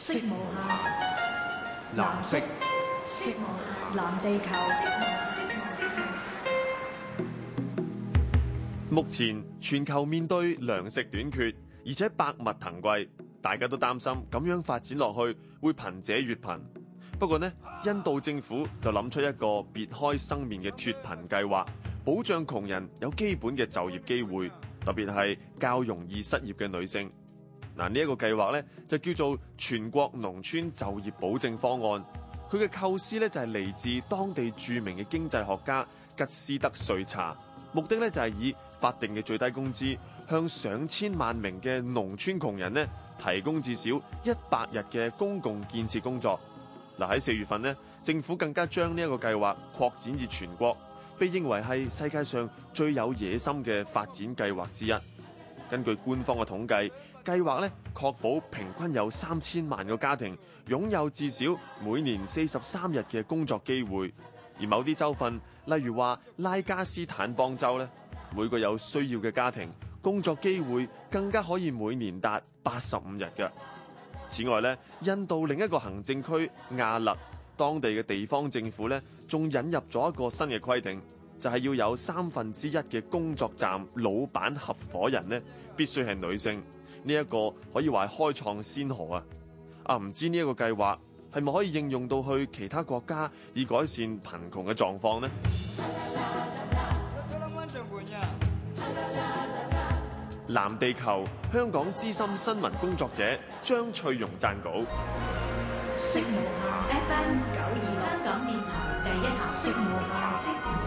色無下，藍色，藍地球。目前全球面對糧食短缺，而且百物騰貴，大家都擔心咁樣發展落去會貧者越貧。不過呢，印度政府就諗出一個別開生面嘅脫貧計劃，保障窮人有基本嘅就業機會，特別係較容易失業嘅女性。嗱，呢一個計劃咧就叫做全國農村就業保證方案，佢嘅構思咧就係嚟自當地著名嘅經濟學家吉斯德瑞查，目的咧就係以法定嘅最低工資向上千萬名嘅農村窮人咧提供至少一百日嘅公共建設工作。嗱，喺四月份咧，政府更加將呢一個計劃擴展至全國，被認為係世界上最有野心嘅發展計劃之一。根據官方嘅統計，計劃咧確保平均有三千萬個家庭擁有至少每年四十三日嘅工作機會，而某啲州份，例如話拉加斯坦邦州咧，每個有需要嘅家庭工作機會更加可以每年達八十五日嘅。此外咧，印度另一個行政區亞勒當地嘅地方政府咧，仲引入咗一個新嘅規定。就係要有三分之一嘅工作站，老闆合夥人呢必須係女性，呢一個可以話係開創先河啊！啊，唔知呢一個計劃係咪可以應用到去其他國家，以改善貧窮嘅狀況呢？藍地球，香港資深新聞工作者張翠容撰稿。